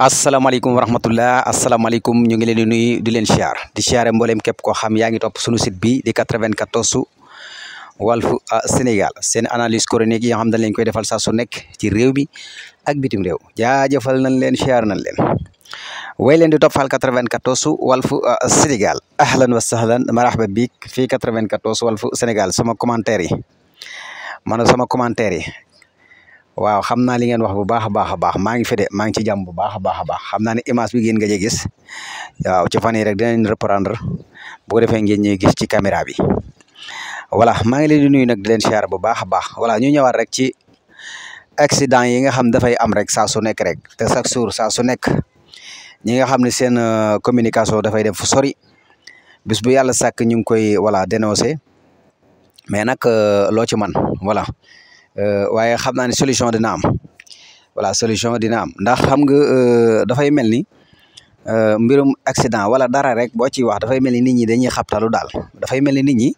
asalaamaaleykum wa rahmatullah asalaamaaleykum ñu ngi leen di nuyu di leen siyaar di siyaare mbooleem képp ko xam yaa ngi topp suñu site bi di 94 Walfu ah, Sénégal seen analyse chronique yi nga xam dañ leen koy defal saa su nekk ci réew bi ak bitim réew jaajëfal nañ leen siyaar nañ leen way leen di toppal 94 Walfu ah, Sénégal ahlan wa sahlan marhaba bik fii 94 Walfu Sénégal sama commentaire yi man sama commentaire yi waaw xam naa li wax bu baax a baax a baax maa ngi fi de maa ngi ci jàmm bu baax a baax a baax xam naa ne image bi ngeen nga gis waaw ci fan yi rek dinañ reprendre bu ko defee ngeen ñuy gis ci caméra bi voilà maa ngi leen di nuyu nag di leen siyaar bu baax a baax voilà ñu ñëwaat rek ci accident yi nga xam dafay am rek saa su nekk rek te chaque jour saa su nekk ñi nga xam ne seen euh, communication dafay dem fu sori bis bu yàlla sàkk ñu ngi koy voilà dénoncé mais nag euh, loo ci man voilà Euh, waaye xam naa ne solution dina am voilà solution dina am ndax xam nga euh, dafay mel ni euh, mbirum accident wala dara rek boo ciy wax dafay mel ni nit ñi dañuy xabtalu daal dafay mel ni nit ñi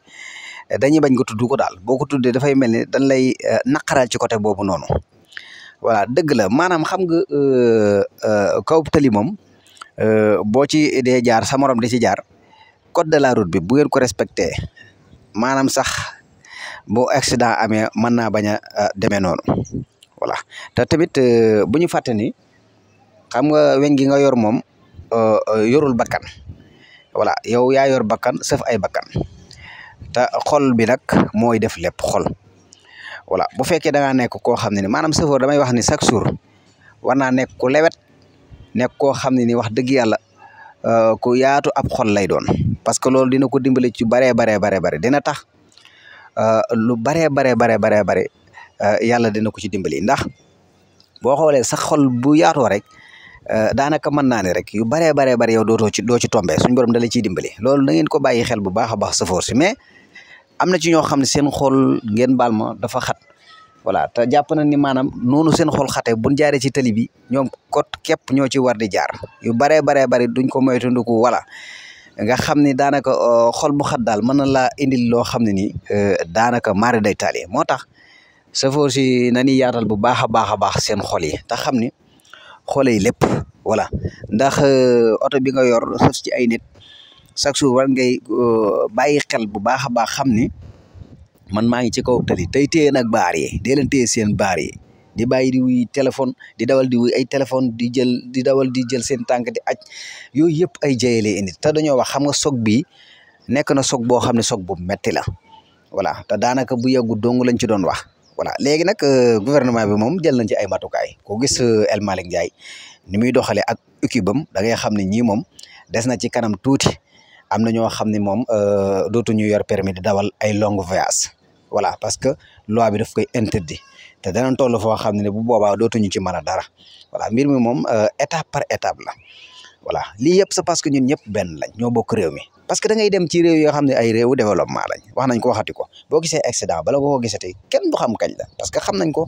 dañuy bañ ko tudd ko daal boo ko tuddee dafay mel ni dañ lay naqaral ci côté boobu noonu voilà dëgg la maanaam xam nga kaw tali moom boo ci dee jaar sa morom di ci jaar code de la route bi bu ngeen ko respecté maanaam sax bo accident amee mën naa bañ a euh, demee noonu voilà te tamit euh, bu ñu fàtte xam nga weñ gi nga yor moom euh, yorul bakkan voilà yow yaa yor bakkan sëf ay bakkan te xol bi nag mooy def lépp xol voilà bu fekkee da nekk koo xam ne ni maanaam sëfoor damay wax ni chaque jour war naa nekk ku lewet nekk koo xam ne ni wax dëgg yàlla ku yaatu ab xol lay doon parce que loolu dina ko dimbale ci baree baree baree bare dina tax Euh, lu baree baree baree baree bare euh, yàlla dina ko ci dimbali ndax boo xoolee sax xol bu yaatoo rek euh, daanaka mën naa ne rek yu baree baree bare yow dootoo ci doo ci tombee suñu borom dala ciy dimbali loolu na ngeen ko bàyyi xel bu baax a baax safoor si mais am na ci ñoo xam ne seen xol ngeen baal ma dafa xat voilà te jàpp na ni maanaam noonu seen xol xate buñ jaaree ci tali bi ñoom kot képp ñoo ci war di jaar yu baree baree bari duñ ko moytandiku wala nga xam ni daanaka euh, xol bu xat daal mën na laa indil loo xam ne nii euh, daanaka maari day taali moo tax safoor si nañuy yaatal bu baax a baax a baax seen xol yi te xam ni xol yi lépp voilà ndax euh, oto bi nga yor sëf ci ay nit chaque jour war ngay bàyyi xel bu baax a baax xam ni man maa ngi ci kaw tali tey téye nag baar yi dee leen téye seen baar yi di bàyyi di wuy téléphone di dawal di wuy ay téléphone di jël di dawal di jël seen tànk di aj yooyu yëpp ay jayeele indi te dañoo wax xam nga sog bi nekk na sog boo xam ne sog bu metti la voilà te daanaka bu yàggu dong lañ ci doon wax voilà léegi nag euh, gouvernement bi moom jël nañ ci ay matukaay koo gis euh, El Malick Ndiaye ni muy doxalee ak équipe am da ngay xam ne ñii moom des na ci kanam tuuti am na ñoo xam ne moom euh, dootuñu yor permis di dawal ay longue voyage voilà parce que loi bi daf koy interdit te danañ toll foo xam ne bu boobaa dootuñu ci mën a dara voilà mbir mi moom euh, étape par étape la voilà lii yëpp c'est parce que ñun ñëpp benn lañ ñoo bokk réew mi parce que da ngay dem ci réew yoo xam ne ay réewu développement lañ wax nañ ko waxati ko boo gisee accident bala boo ko gisatee kenn du xam kañ la parce que xam nañ ko